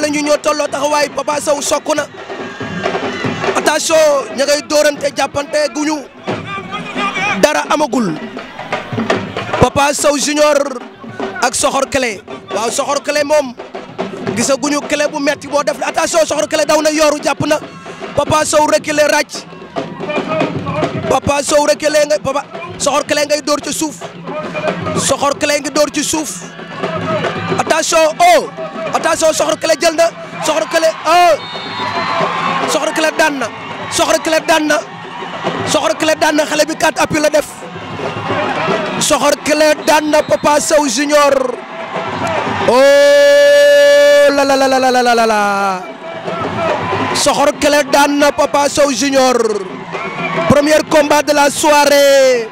lañu ñoo tolloo taxawaay Papa Sow sokku na attention ña ngay dóorante jàppante guñu dara amagul Papa Sow junior ak soxor clé waaw soxor clé moom gisaguñu clé bu metti boo def attention soxor clé daw na yooru jàpp na Papa Sow reculé ràcc Papa Sow reculé nga Papa soxor clé ngay dóor ci suuf soxor clé ngi dóor ci suuf attention soxor kële jël na soxor kële ah oh. soxor kële daan na soxor kële daan na soxor kële daan na xale bi quatre appui la def soxor kële daan na Papa Sow junior oh la la la la soxor kële daan na Papa Sow junior premier combat de la soirée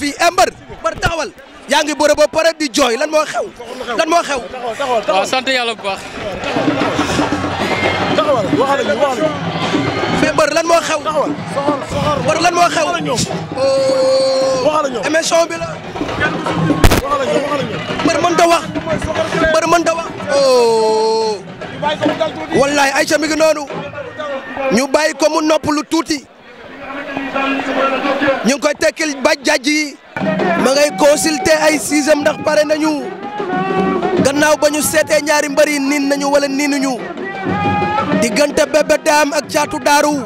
fii eh mbër mbër taxawal. yaa ngi bëre ba pare di jooy lan moo xew. lan moo xew. waaw sant yàlla bu baax. taxawal waxal lan moo xew. taxawal soxor mbër xew. waxal oh. ñoom émission bi la. waxal ñoom waxal ñoom. mënta wax. mbër mënta wax. Oh. wallaay Aïcha mi noonu. ñu bàyyi ko mu nopp lu tuuti. ñu ngi tekkil ba jàjj ma ngay consulter ay sixième ndax pare nañu gannaaw ba ñu seetee ñaari mbër niin nañu wala niinuñu diggante Bébé ak Caatu Daaru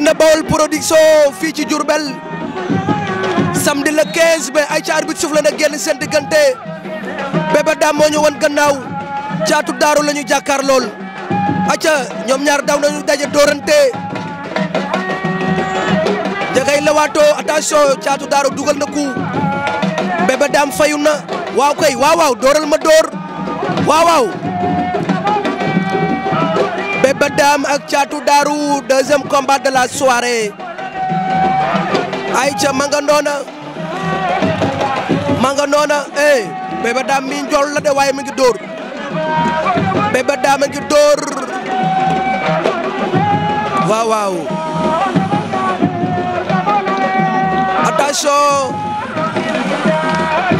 na Baol production fii ci Diourbel samedi le 15 mai ay ca arbitre suuf la na génn seen diggante Bébé Dame moo ñu won gannaaw Caatu Daaru la ñu jàkkaar lool acca ñoom ñaar daw nañu daje dóorante jagay lewaatoo attention caatu daaro dugal na ku Bébé Dame fayu na waaw kay waaw waaw dooral ma door waaw waaw Bébé ak caatu daaru deuxième combat de la soirée ayca ma noona ma noona eh Bébé mi njool la de waaye mi ngi dóor Bébé Dame ngi dóor waaw waaw Gasson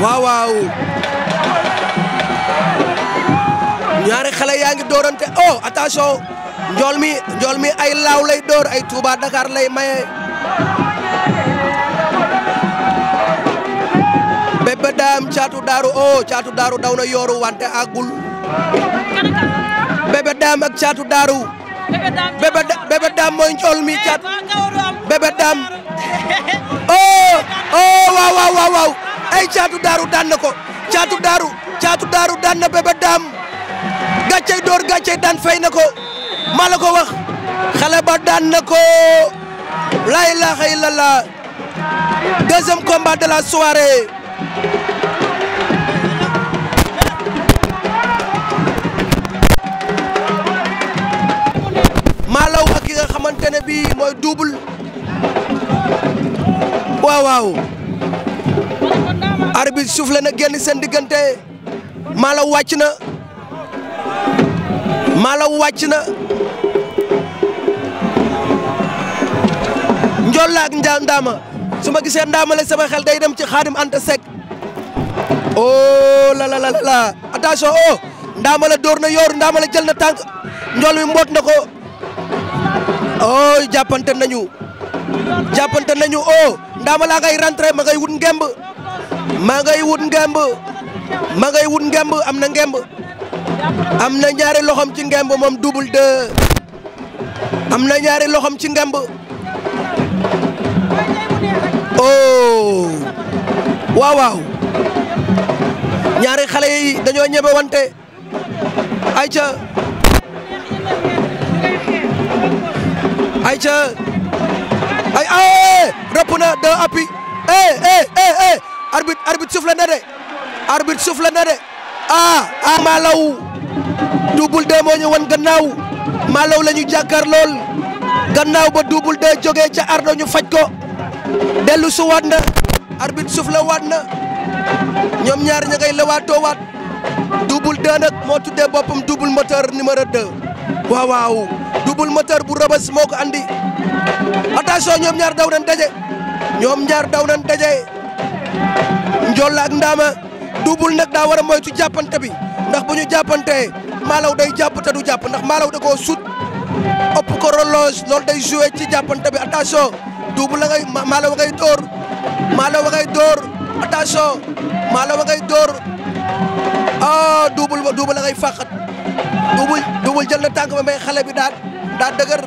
waaw ñaari xale yaa ngi doorante oh attention njool mi ay laaw lay door ay Touba Dakar lay maye Bébé Dame Thiatou Darou oh Thiatou daw na yooru wante àggul Bébé Dame ak Thiatou Darou Bébé mooy njool mi eh, Thiatou bébé daam oh, oh waaw waaw waaw waaw caatu daaru daan na ko caatu daaru caatu daaru daan na bébé gàccey door gàccey daan fay na ko maa la ko wax xale ba daan na ko la ilaha illallah deuxième combat de la soirée maa la wax ki nga xamante ne mooy double waaw waaw arbitre soufflé na génn seen diggante Malaw wàcc na Malaw wàcc na Ndiol la ak Ndama su ma gisee Ndama la sama xel day dem ci Xaadim Anta Seck oh la la la la attention oh Ndama la door na yoor Ndama la jël na tànk Ndiol mi mboot na ko oh jàppante nañu. jàppante nañu o oh, Ndama laa ngay rentré ma ngay wut ngemb ma ngay wut ngemb am na ngemb am na ñaari loxom ci ngemb moom double deux am na ñaari loxom ci ngemb oh waaw waaw ñaari xale yi dañoo ñebe wante ayca ayca ay ay rëpp na deux appui eh eh eh eh arbitre arbitre de arbitre souffle na de ah moo ñu wan gannaaw Malaw la ñu jàkkaar lool gannaaw ba Double Deux jógee ca Ardo ñu faj ko dellu su waat na arbitre souffle waat na ñoom ñaar ña ngay lewaatoo waat Double Deux nag moo tuddee boppam double moteur numéro 2 waaw waaw. Double Moteur bu Rebeuss moo ko andi attention ñoom ñaar daw nañ daje ñoom ñaar daw nañ daje Ndiol ak Ndama Double nag daa war moytu jàppante bi ndax bu ñu jàppantee Malaw day jàpp te du jàpp ndax Malaw da koo sut ëpp ko relonge loolu day joué ci jàppante bi attention Double la ngay Malaw ngay dóor Malaw ngay dóor attention ah, jël na tànk ba may xale bi daal. daa dëgër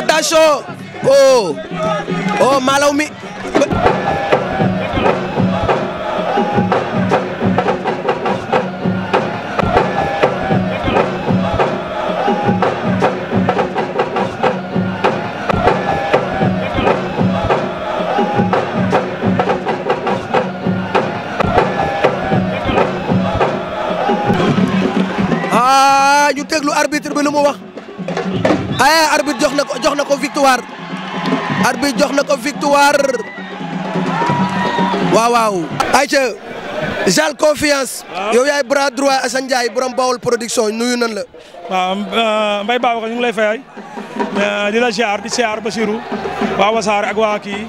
attention oh oh mi bi lu mu wax aya arbitre jox na ko jox na ko victoire arbitre jox na ko victoire waaw waaw ayca Jal confiance yow yaay bras droit Assane Ndiaye borom Bawol production nuyu nan la waaw euh, Mbaye Babacar ñu ngi lay euh, di la ziar di ziar Basirou waa Wasaare ak waa kii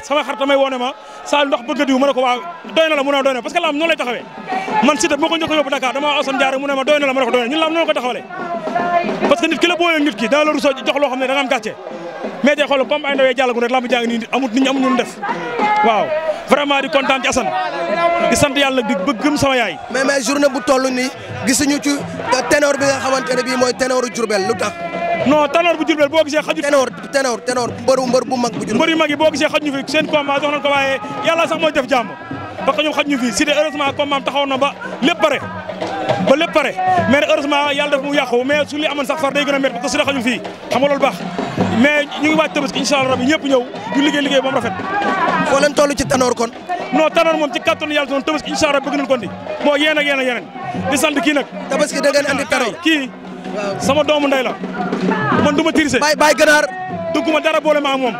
sama xar tamay woone saa ndox bëgg diw ma ne ko waaw doy na la mu ne doy na parce que laam noonu lay taxawee man Siteu bu ko njëkk a yóbbu Dakar dama asan jaar mu ne doy na la ma ne doy na ñun laam noonu ko taxawale la booyee nit ki dana la rusoo jox loo xam ne da nga am gàcce mais tey xool comme ay amut nit def waaw vraiment di kontaan ci di sant yàlla di bëggum sama yaay. mais mais bu toll nii gisuñu ci ténor bi nga xamante bii mooy ténoru Diourbel non tanoor bu Diourbel boo gisee xajut tanoor tanoor tanoor mbëru bu mag bu Diourbel mbër yu mag yi boo gisee xaj fi seen combat jox nañ ko waaye yàlla sax mooy def jàmm parce que ñoom fi si de heureusement combat am taxaw na ba lépp pare ba lépp pare mais heureusement yàlla def mu yàqu mais su li sax far day gën a métti parce que xajul fii xam nga loolu ñu ngi waaj Tabaski incha allah rabi ñëpp ñëw ñu liggéey liggéey ba mu rafet foo ci tanoor kon sama doomu ndey la man du ma tirise. bay bay ganaar. dugguma dara boole ma ak moom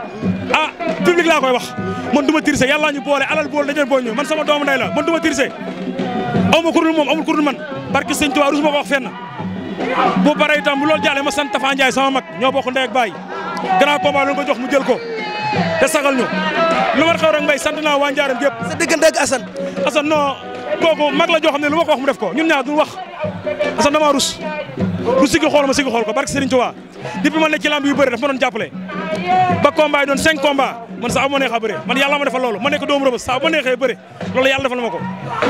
ah public laa koy wax man du ma tirise yàlla ñu boole alal boole dañu boole ñu man sama doomu ndey la man du ma tirise aw ma kuréel moom amul kuréel man barke sëñ Tuubaa rus ma ko wax fenn. bu bare itam bu loolu ma sant Tafa Ndiaye sama mag ñoo bokk ndey ak baay grand combat lu ko jox mu jël ko te sagal ñu lu war xew rek mbay sant naa waa Ndiarème yëpp. sa diggante ak Assane. Assane non kooku mag la joo xam ne lu wax mu ko ñun ñaar du wax Assane dama rus. lu xool ma siggi xool ko barke Serigne Touba depuis man ne ci lamb yu bëri daf ma doon jàppale ba combat yi doon cinq combat man saa bu ma neexee bëre man yàlla ma defal loolu ma nekk doomu rëbës saa ma neexee bëre loolu yàlla defal ma ko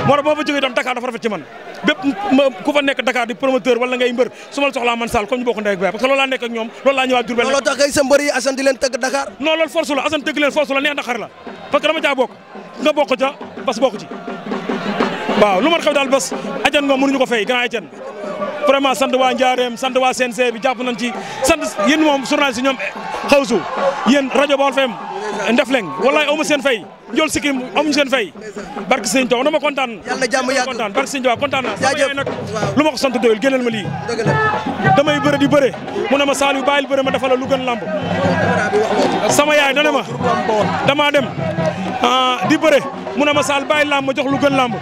moo tax boo fa jógee itam Dakar dafa rafet man ku fa nekk Dakar di promoteur wala ngay mbër su ma la man Sall comme ñu bokk ndey ak baay parce que loolu laa Dakar non loolu force la Assane tëgg leen force la vraiment sant waa Njaareem sant waa CNG bi jàpp nañ ci sant yéen moom journaliste yi ñoom xawsu yéen rajo Baol FM Ndefleng wallaay amu seen fay njool sikkim amuñu seen fay barke sëñ Tuubaa na ma kontaan yàlla jàmm yàgg kontaan barke sëñ Tuubaa kontaan naa sama yaay nag lu ma ko sant doyul génneel ma lii damay bëre di bëre mu ne ma Saliou bàyyil bëre ma dafa la lu gën lamb sama yaay dana ma damaa dem ah, di bëre mu ne ma Saliou bàyyil lamb ma jox lu gën lamb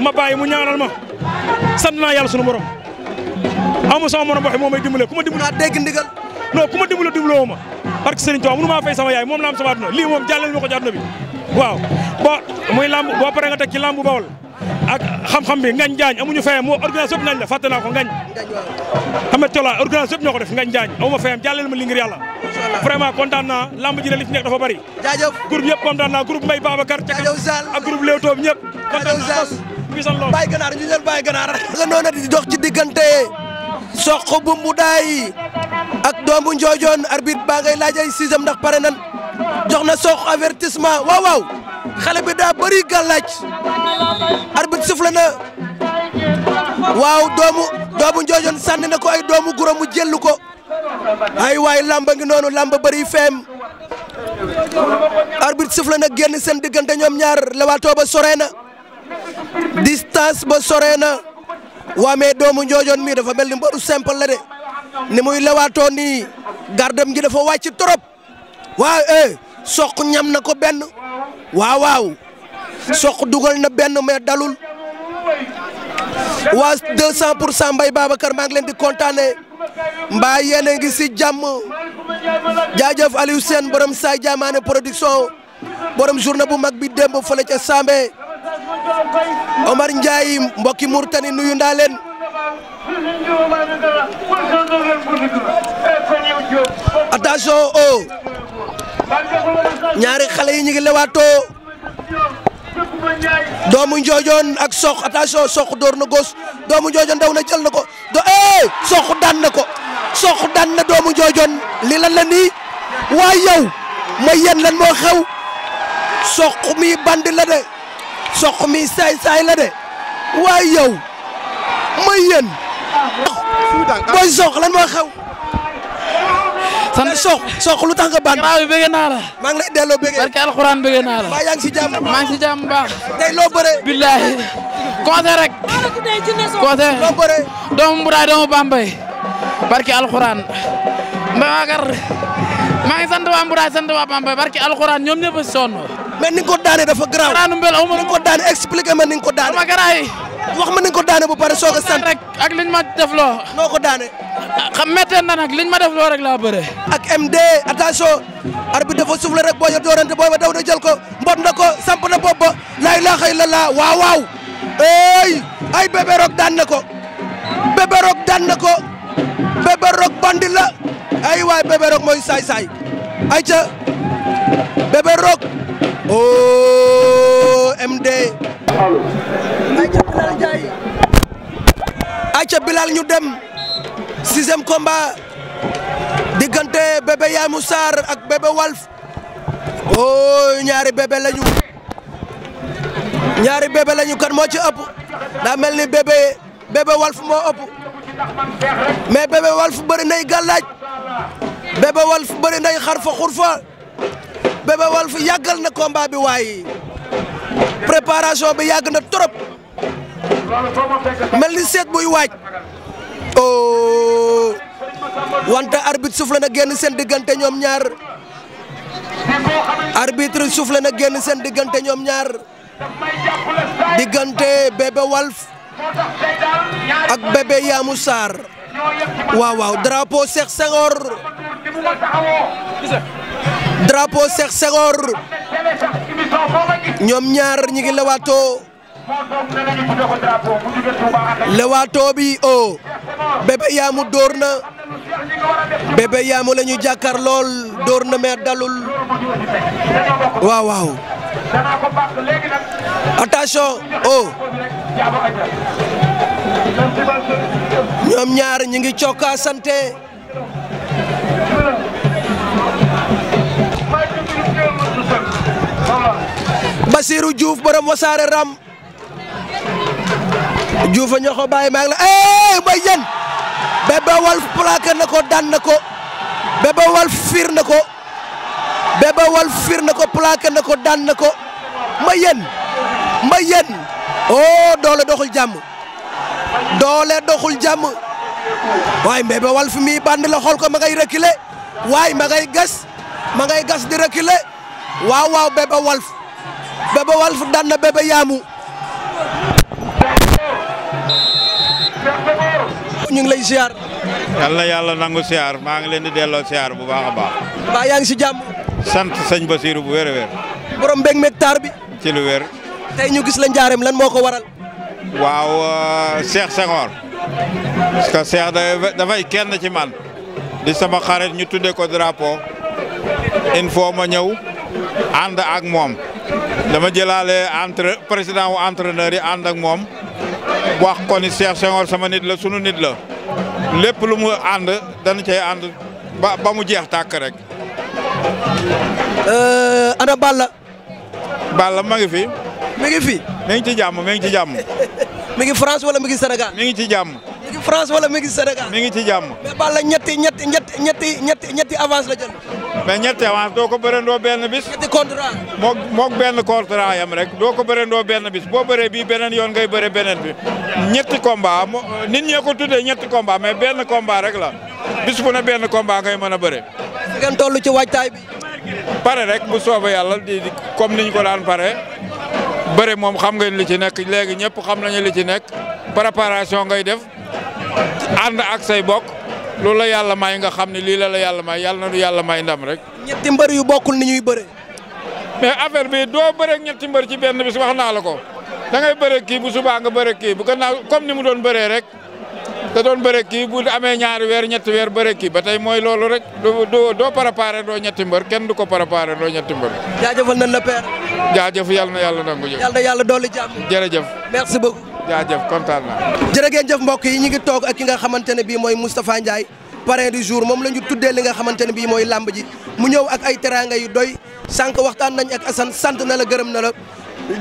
ma bàyyi mu ñaanal ma sant naa yàlla sunu borom aw sama mën a boxe moo may dimbale ku ma dimbale. naa dégg ndigal. non ku ma dimbale dimbaloo wu ma. parce que Serigne Touba maa fay sama yaay moom la am sama àdduna lii moom jàllale ma ko ci àdduna bi waaw moo organisé yëpp nañ la fàtte naa ko ngañ amet cola organisé yëpp ñoo ko def ngañ jaañ amuma fayam jàllale ma li ngir yàlla vraiment kontaan naa ne li fi nekk dafa bari jaajëf groupe yëpp kontaan naa groupe Mbaye Babacar ak groupe Leewtoo bi ñëpp kontaan naa bisan loo bàyyi ganaar ñu ñël bàyyi ganaar nga ci diggante soq bu mbudaay ak doomu njoojoon arbitre baa ngay laaj ay sixième ndax pare nan jox na soq avertissement waaw waaw xale bi daa bëri gàllaaj arbitre sufle na waaw doomu doomu njoojoon sànni na ko ay doomu guro mu jëllu ko ay waay làmb ngi noonu làmb bari feem arbitre sufle na genn seen diggante ñoom ñaar lewaatoo ba soree na distance ba soree na waa mais doomu Ndiodione mii dafa mel ni mbaru simple la de ni muy lewaatoo nii gardem gi dafa wàcc trop waaw eh soq ñam na ko benn waaw waaw soq dugal na benn mais dalul waa 200 pour cent Mbaye Babacar maa ngi leen di kontaane mbaa yéen a si jàmm jaajëf Aliou Sène borom Saay Jaamaane production borom na bu mag bi démb fële ca Sambé. Omar Ndiaye mbokki Mourtani nuyu ndaa leen attention o oh. ñaari xale yi ñu ngi lewaatoo doomu njoojoon ak sox attention sox door na góos doomu njoojoon ndaw na jël na ko do eh sox daan na ko sox daan na doomu njoojoon li lan la nii waa yow ma yéen lan moo xew sox mi bandi la de. soq mi saay saay la de waaye yow mooy yéen. booy soq lan moo xew. sant soq soq lu tax nga bànn. maa ngi bëgg naa la. maa ngi barke alxuraan bëgg naa la. maa ngi si jàmm. maa ngi si jàmm bu baax. tey loo bëree. billaahi. Konte rek. Konte. doomu Mburaay doomu Bambey. barke alxuraan. Mbakar maa ngi sant waa Mburaay sant waa Bambey barke alxuraan ñoom ñëpp a sonn. mais ni ko daane dafa garaaw garaanu mbel aw ma ko daane expliqué ma ni ko daane ma garaay wax ma ni nga ko daane bu pare soog a sant rek ak liñ ma def noo ko daane xam mettee na nag liñ ma def loo rek laa bëre ak MD attention arbitre dafa soufflé rek boo jot doorante booy ba daw na ko mbot na ko samp na bopp ba laa ilaaha illallaah waaw waaw ey ay bébé rok daan na ko bébé rok daan na ko bébé rok bandi la ay waay bébé rok mooy saay saay ay ca Bébé Rock oh MD. ayca Bilal Bilal ñu dem sixième komba diggante bébé Yamou Sarr ak bébé Walf oh ñaari bébé lañu ñaari bébé lañu kan moo ci ëpp daa mel ni bébé bébé Walf moo ëpp mais bébé Walf bëri nay bébé Walf bëri nay xarfa xurfa. Bébé Walf yàggal na combat bi waaye préparation bi yàgg na trop mel ni seet buy waaj oh wante arbitre soufflé na génn seen diggante ñoom ñaar arbitre soufflé na génn seen diggante ñoom ñaar diggante Bébé Walf ak Bébé Yamou Sarr waaw waaw drapeau Cheikh Senghor drapo Cheikh Senghor ñoom ñaar ñi ngi lewaatoo lewaatoo bi o oh. Bébé Yamou dóor na Bébé Yamou la ñu jàkkaar lool dóor na mais dalul waaw waaw attention o oh. ñoom ñaar ñi ngi cokaa sante Basirou Diouf borom wasaare ram Diouf a ñoxo bàyyi maa ngi la eh bay yen Bébé Walf plaqué na ko daan na ko Bébé Walf fir na ko Bébé Walf fir na ko plaqué na ko daan na ko ma yen ma yen oh doole doxul jàmm doole doxul jàmm waaye Bébé Walf mii bànd la xool ko ma ngay reculer waaye gas ma Walf Bébé Walf daan na Bébé Yaamu ñu ngi lay siyaar yàlla yàlla nangu siyaar maa ngi leen di delloo siyaar bu baax baax mbaa yaa ngi si jàmm sant sëñ Basiru bu wér a wér borom mbég mbég taar bi ci lu wér tey ñu gis la njaareem lan moo ko waral waaw euh, Cheikh Senghor parce que Cheikh dafay kenn ci man di sama xarit ñu tuddee ko drapo il faut ma ñëw ànd ak moom dama jëlaale entre président wu entraîneur yi ànd ak moom wax ko ni Cheikh sama nit la sunu nit la lépp lu mu ànd dana cay ànd ba ba mu jeex tàkk rek. Euh, ana Balla. Balla ma ngi fi. mi ngi fi. mi ngi ci jàmm mi ngi ci jàmm. mi ngi France wala mi ngi Sénégal. mi ngi ci jàmm. mi ngi France wala mi ngi Sénégal. mi ngi ci jàmm. mais Balla ñetti ñetti ñetti ñetti ñetti ñetti avance la jël. mais ñetti avance doo ko bërendoo benn bis. ñetti contrat. moog moog benn contrat yam rek doo ko bërendoo benn bis boo bëree bii beneen yoon ngay bëree beneen bi ñetti combat nit ñee ko tuddee ñetti combat mais benn combat rek la bis bu ne benn combat ngay mën a bëre. ngeen toll ci waajtaay bi. pare rek bu soobee yàlla di comme niñ ko daan pare. bëre moom xam nga li ci nekk léegi ñëpp xam nañu li ci nekk préparation ngay def ànd ak say bokk loolu la yàlla may nga xam ne lii la la yàlla may yàlla na du yàlla may ndam rek. ñetti mbër yu bokkul ni ñuy bëre. mais affaire bi doo bëreeg ñetti mbari ci benn si wax naa la ko da ngay bëreeg kii bu subaa nga bëreeg kii bu gannaaw comme ni mu doon bëree rek. da doon bëre kii bu amee ñaari weer ñetti weer bëre kii ba tey mooy loolu rek doo doo préparé doo ñetti mbër kenn du ko préparé doo ñetti mbër. jaajëfal nañ la père. jaajëf yàlla na yàlla nangu jëf. yàlla na yàlla dolli jàmm. jërëjëf. merci beaucoup. jaajëf kontaan naa. jërë ngeen jëf mbokk yi ñu ngi toog ak ki nga xamante ne bii mooy Moustapha Ndiaye parrain du jour moom la ñu tuddee li nga xamante ne bii mooy làmb ji mu ñëw ak ay teraanga yi doy sànq waxtaan nañ ak Assane sant na la gërëm na la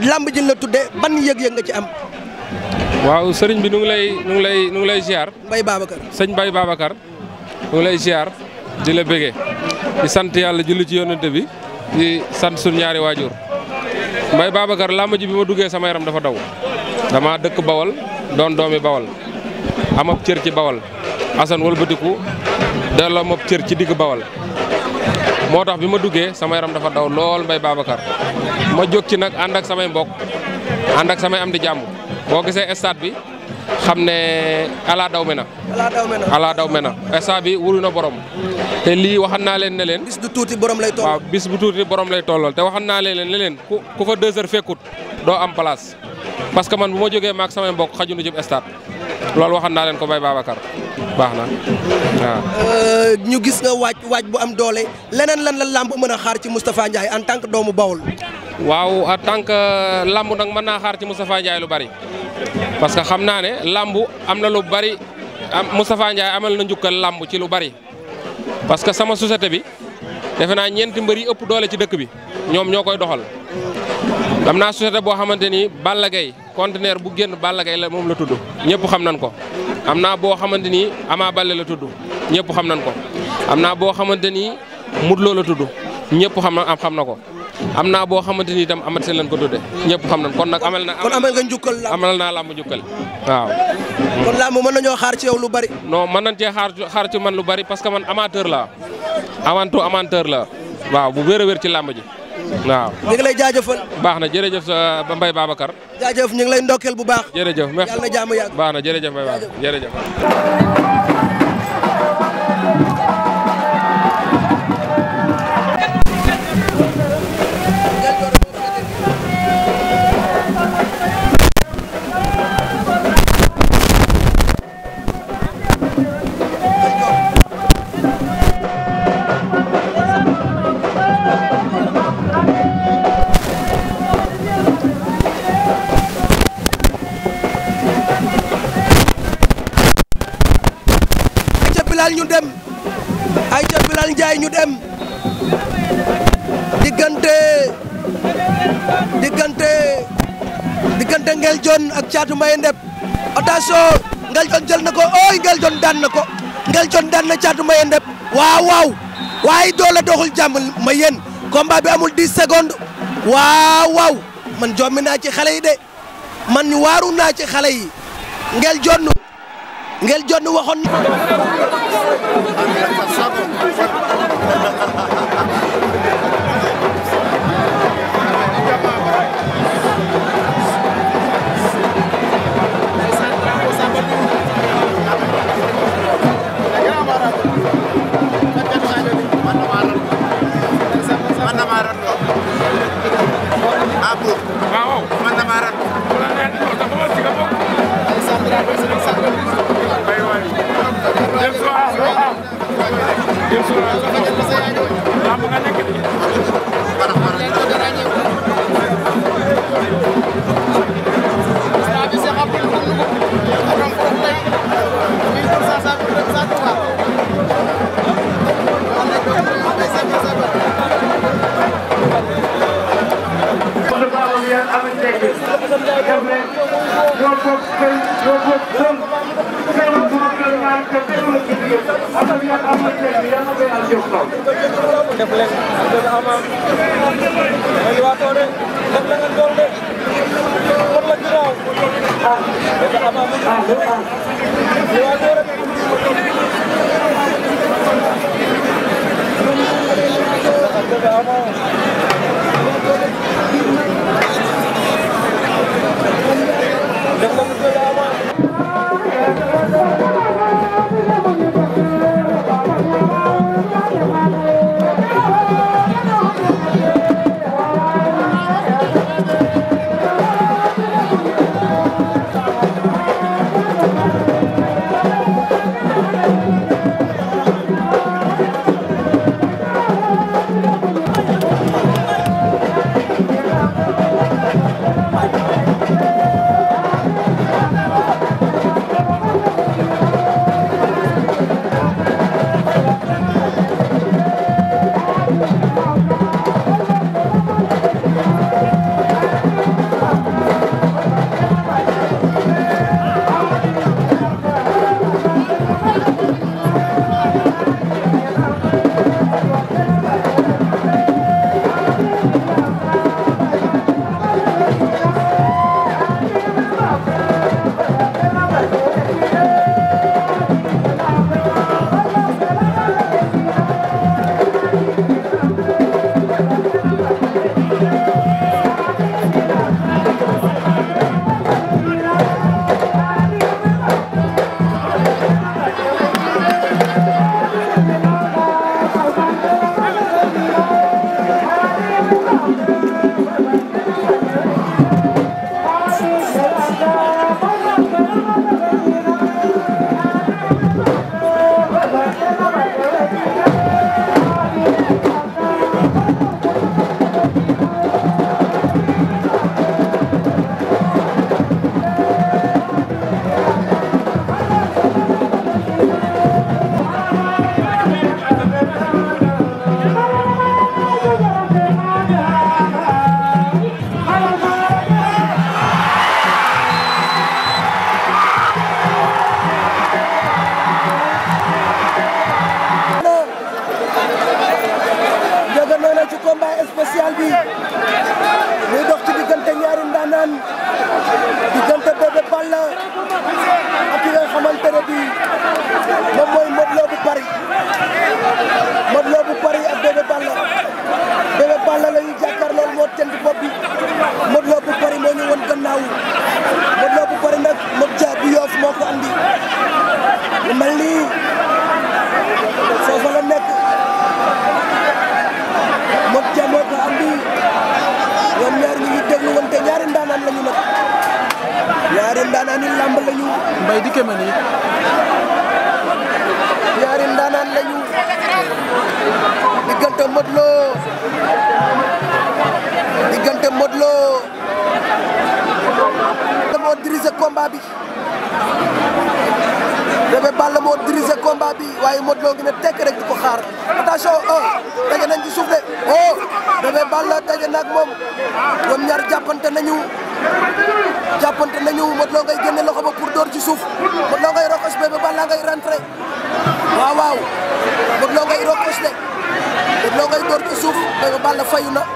làmb ji la tuddee ban yëg-yëg nga ci am waaw sëriñ bi nu ngi lay nu ngi lay nu lay ziar. Mbaye Babacar sëñ bay Babacar. nu ngi lay ziar di la i sant yàlla julli ci yonent bi di sant suñu ñaari waajur Mbaye Babacar làmb ji bi ma duggee sama yaram dafa daw dama dëkk Bawal doon doomi Bawal am cër ci Bawal Assane wëlbatiku delloo ma cër ci digg Bawal. moo tax bi ma duggee sama yaram dafa daw lool Mbaye Babacar ma jóg ci nag ànd ak samay mbokk ànd ak samay am di jàmm. boo gisee stade bi xam ne alaa daw me na. alaa daw me na stade bi wuru na borom. te lii waxan naa leen ne leen. bis bu tuuti borom lay tollal waaw bis bu tuuti borom te waxan naa leen ne leen ku ku fa deux heures fekkut doo am place. parce que man bu ma jógee maak samay mbokk xajunu jëm stade loolu waxan naa leen ko bay Babacar baax na waaw. Euh, ñu gis nga waaj waaj bu am doole leneen lan la làmb mën a xaar ci Moustapha Ndiaye en tant que doomu Bawol. waaw en tant que lamb nag mën naa xaar ci Moustapha lu bari parce que xam naa ne lamb am na lu bari Moustapha Ndiaye amal na njukkal lamb ci lu bari parce que sama société bi defe naa ñeent mbër yi ëpp doole ci dëkk bi ñoom ñoo koy doxal am naa société boo xamante ni Balla Gaye bu génn Balla Gaye la moom la tudd ñëpp xam nañ ko am naa boo xamante ni Ama Baldé la tuddu ñëpp xam nañ ko am naa boo xamante ni Modou Lô la tudd ñëpp xam na am xam na ko am naa boo xamante ni itam amat seen lañ ko tudde ñëpp xam nañ kon nag amal na kon amal nga njukkal amal naa làmb njukkal waaw kon làmb mën nañoo xaar ci yow lu bari non mën nañ cee xaar xaar ci man lu bari parce que man amateur la avant tout amateur la waaw bu wér a ci làmb ji waaw ñu ngi lay jaajëfal baax na jërëjëf euh, ba Mbaye Babacar jaajëf ñu ngi lay ndokkeel bu baax jërëjëf merci yàlla na jàmm yàgg baax na jërëjëf Mbaye jërëjëf diggante diggante Ngel Jon ak Caatu Mbaye Ndep attention Ngel Jon jël na ko ooy Ngel Jon daan na ko Ngel Jon daan na Caatu Mbaye Ndep waaw waaw waaye doole doxul jàmm ma yéen bi amul 10 secondes waaw waaw man jommi naa ci xale yi de man waaru naa ci xale yi Ngel Jon Ngel Jon waxoon ah bon waaw man damaa rat. wala nee nañu ko sax ba ma si ka bokk. ay sant daal ba sëriñ sant. ay waay. dem soo aar loo aar. dem soo aar loo aar. lamb nga nekk nii.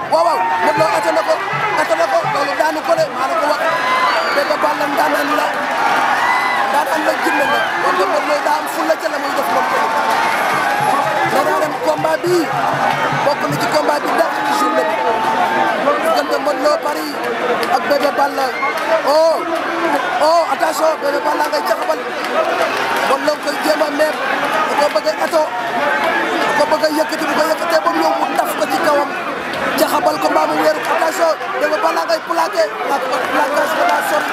waawaaw waaw Modou Lo attan na ko attan na daanu ko maa la wax te ba Balla daan naan la daan am la jënd la kon de Modou Lo fulla ca la muy def moom tamit. mais daa dem combat bii bokk na ci combat Balla oh, oh jaxabal Modou Lo koy jéem a meer da koo bëgg a ato da koo bëgg a yëkkati bu ko mu taf ko ci jaxabal ko mbaa mu wéeru attention Bébé Balla ngay plaqué ak plaquage la sori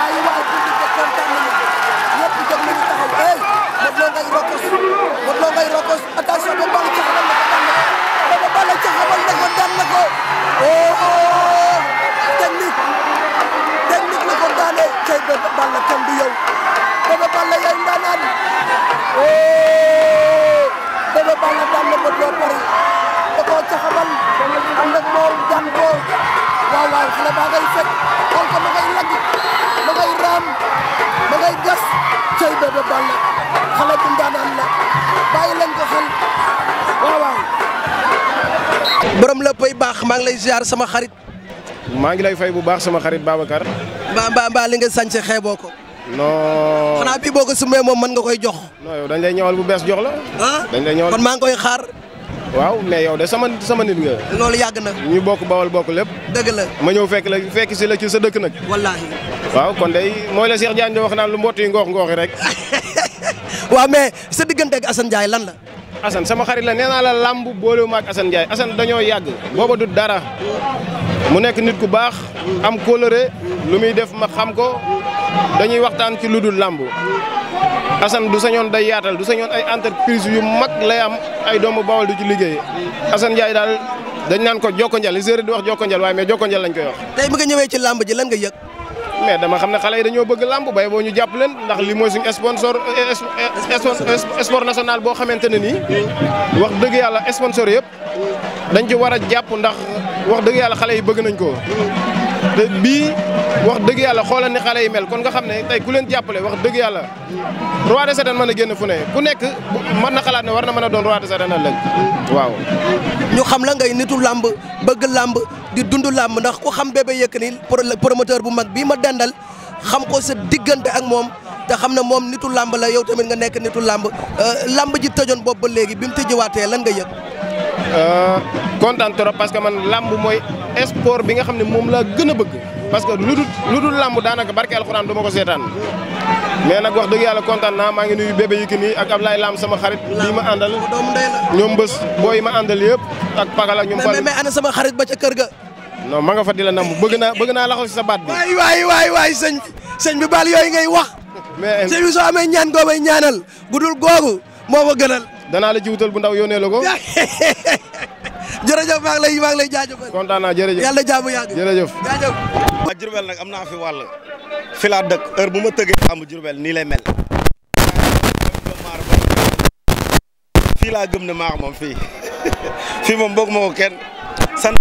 ay waay bu ñu ko kontaan nañu ñëpp jóg nañu taxaw ey Modou Lo ngay rokos Modou Lo ngay rokos attention Bébé Balla jaxabal na ko Bébé Balla jaxabal na ko daan na ko oh technique technique la ko daane cay Bébé Balla kenn du yow Bébé Balla yaay ndaanaan oh Bébé Balla daan na Modou Lo Paris da koo caxabal ko waaw baa ngay fekk xool ngay lagg ma ngay raam ma ngay gas cay Bébé Balla xale bu ndaanaan la bàyyi maa ngi lay ziar sama xarit. maa ngi lay fay bu baax sama xarit Babacar. kar mbaa mbaa li nga sànce xeeboo ko. non xanaa bii boo ko sumee moom mën nga koy jox. non yow dañ lay ñëwal bu bees jox la. Ah? dañ kon maa ngi koy xaar. waaw mais yow de sama sama nit nga. loolu yàgg na. ñu bokk bawal bokk lépp. dëgg la ma ñëw fekk la fekk si la ci sa dëkk nag. wallaahi. waaw kon dey mooy la Cheikh Diagne di wax naan lu mbott yi ngoox ngooxi rek. waaw mais sa diggante ak Assane lan la. Assane sama xarit la nee naa la làmb boolewuma ak asan Ndiaye Assane dañoo yàgg booba du dara mu nekk nit ku baax am kóllëre lu muy def ma xam ko dañuy waxtaan ci lu dul làmb Assane du sañoon day yaatal du señoon ay entreprise yu mag lay am ay doomu bawal du ci liggéey Assane Ndiaye daal dañ naan ko jokkonjal li séeréer di wax jokkonjal waaye mais jokkonjal lañ koy wax. tey bi nga ñëwee ci làmb ji lan nga yëg. mais dama xam ne xale yi dañoo bëgg làmb bay boo ñu jàpp leen ndax li sponsor eh, eh, eh, sport national boo xamante ne nii wax dëgg yàlla sponsor yëpp dañ ci war a jàpp ndax wax dëgg yàlla xale yi bëgg nañ ko te dëgg yàlla xoolal ni xale yi mel kon nga xam ne tey ku leen jàppale wax dëgg yàlla roi des arènes mën a génn fu ne ku nekk mën na xalaat ne war na mën a doon roi des arènes lañ waaw. ñu xam la ngay nitu làmb bëgg làmb di dund làmb ndax ku xam be Bébé Yékini promoteur bu mag bii ma dendal xam ko sa diggante ak moom. te xam ne moom nitu làmb la yow tamit nga nekk nitu làmb euh, làmb ji tëjoon boobu ba léegi bi mu tëjewaatee lan nga yëg. Euh, kontaan trop parce que man làmb mooy sport bi nga xam ne moom laa gën a bëgg parce que lu dul lu dul làmb daanaka alxuraan du ma ko seetaan mais nag wax dëgg yàlla kontaan naa maa ngi nuyu bébé yi ki nii ak Ablaye Lam sama xarit bii ma àndal ñoom bés booy ma àndal yëpp ak Pagala ñoom. mais mais ana sama xarit ba ca kër ga. no ma nga fa di la bëgg naa bëgg naa laxaw si sa baat bi. waay waay waay waay sëñ bi sëñ baal yooyu ngay wax. mais sëñ soo amee ñaan goo may danaa la jiwtal bu ndaw yónnee la ko. jërëjëf maa ngi lay maa ngi lay jaajëfal. kontaan naa jërëjëf yàlla jaamu yàgg. jërëjëf jaajëf. waa nag am naa fi walla fi laa dëkk heure bu ma tëggee làmb Diourbel nii lay mel. fii laa gëm ne moom fii fi moom bëgg ma ko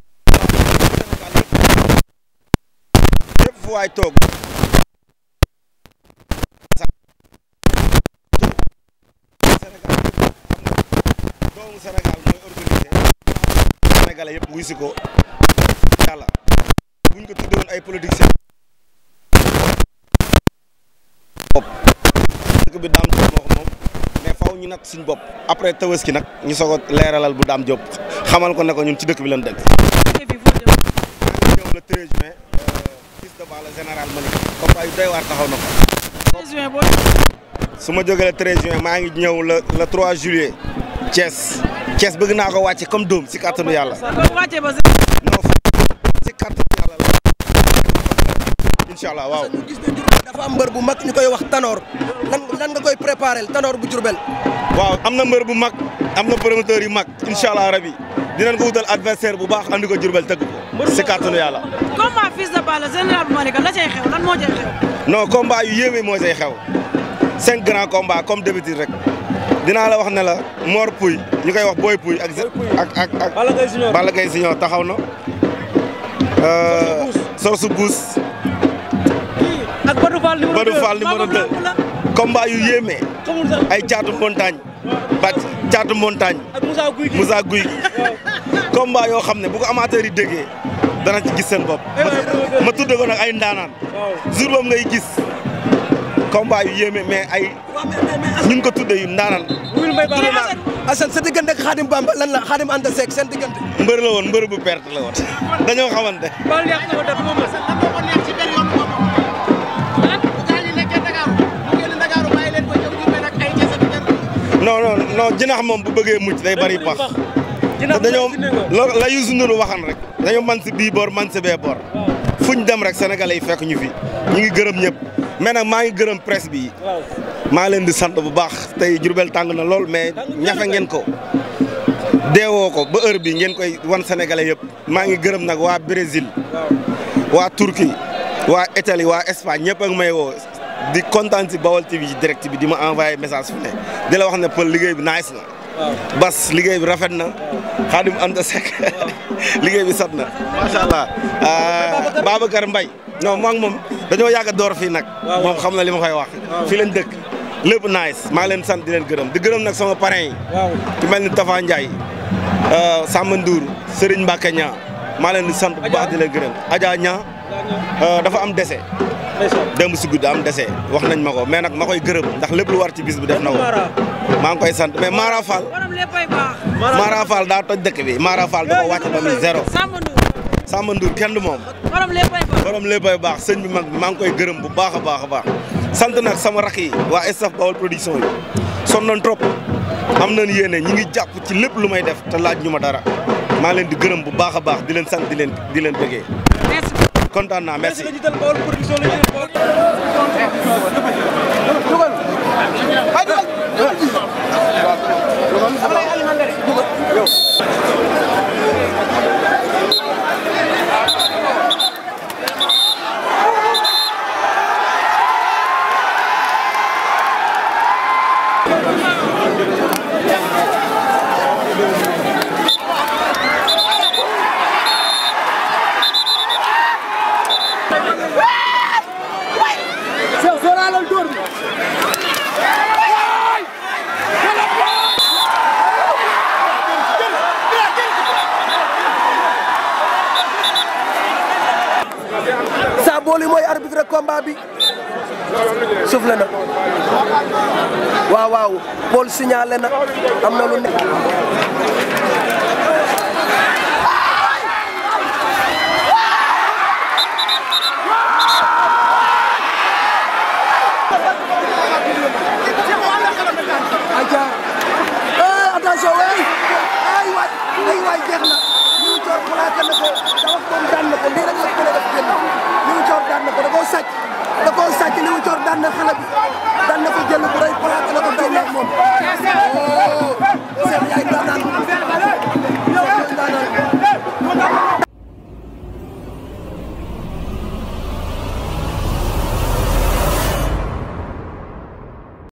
fu waay toog askanu Sénégal mooy organisé Sénégalais yëpp wuy si ko ay politiciens ñu natt suñ bopp après tawaski nag ñu soog a bu daam Diop xamal ko ne ko ñun ci dëkk bi ñëw le 13 juin euh, fils de Balla général Malick combat su ma jógee le 13 juin maa ngi ñëw le le juillet ces Thiès bëgg naa ko wàcce comme dóom si kàttanu yàlla. non si yàlla la. waaw. dafa mbër bu mag ñu koy wax Tanor lan lan nga koy préparé Tanor bu Diourbel. waaw am na mbër bu mag am na promoteur yu mag incha allah rabi dinañ ko wutal adversaire bu baax andi ko Diourbel tëgg ko. si kàttanu yàlla. combat fils de yu yéeme moo cay xew cinq grands combats comme d'habitude rek. dinaa la wax ne la Mor Pouy ñu koy wax Boy Pouy ak ak ak ak taxaw na Sorsu Bous ak Badou Fall numéro 2 combat yu yéeme ay caatu montagne bat caatu montagne Moussa Guy combat yoo xam ne bu ko amateurs yi déggee dana ci gis seen bopp eh, ma ay ndaanaan jour boobu ngay gis combat yu yéeme mais ay ñu ngi ko tudde yu ndaanaan. Assane sa diggante ak lan la Xaadim Anta Seck seen diggante. mbër la woon mbër bu perte la woon dañoo xamante. loolu na ko moom non non jinax moom bu bëggee mucc day bari pax. jinax dañoo la Youssou Ndour waxan rek. dañoo man si bii boor man si bee boor. fuñ dem rek senegal yi fekk ñu fi ñu ngi gërëm ñëpp. mais nag maa ngi gërëm press bi maa leen di sant bu baax tey Jurbel tàng na lool mais ñafe ngeen ko deewoo ko ba heure bi ngeen koy wan sénégalais yëpp maa ngi gërëm nag waa Brésil waa Turquie waa Italie waa Espagne ñëpp ak may woo di kontaan si Baol TV direct bi di ma envoyé message fu ne di la wax ne pël liggéey bi nice na bas liggéey bi rafet na Xaadim Anta Seck liggéey bi sat na macha allah ah, Babacar Mbaye non maa moom dañoo yàgg a door fii nag. moom xam na li ma koy wax. fii lañ dëkk lépp nice maa leen sant di leen gërëm di gërëm nag sama parrain yi. ci mel ni Tafa Ndiaye. Euh, Samba Ndour Serigne Mbacke Niang maa leen di sant bu baax di leen gërëm Adja Niang euh, dafa am dese. démb si guddi am dese wax nañ ma ko mais nag ma koy gërëm ndax lépp lu war ci bis bi def na ko. maa ngi koy sant mais Mara Fall. Mara Fall daa toj dëkk bi Mara Fall dafa wàcc ba muy Samba Ndour kenn du moom. borom léppay baax borom léppay baax sëñ bi mag maa ngi koy gërëm bu baax a baax a baax. sant nag sama rakk yi waa staff Baol production yi son trop am nañ yéene ñi ngi jàpp ci lépp lu may def te laaj ñu ma dara maa leen di gërëm bu baax a baax di leen sant dileen leen di leen bëggee. merci kontaan naa tàllal dóor bi saa mooy arbitre combat bi soufflé na waaw waaw Paul signalé na am na nekk daan na ko dawak moom daan na ko na ko da koo na xale bi daan na ko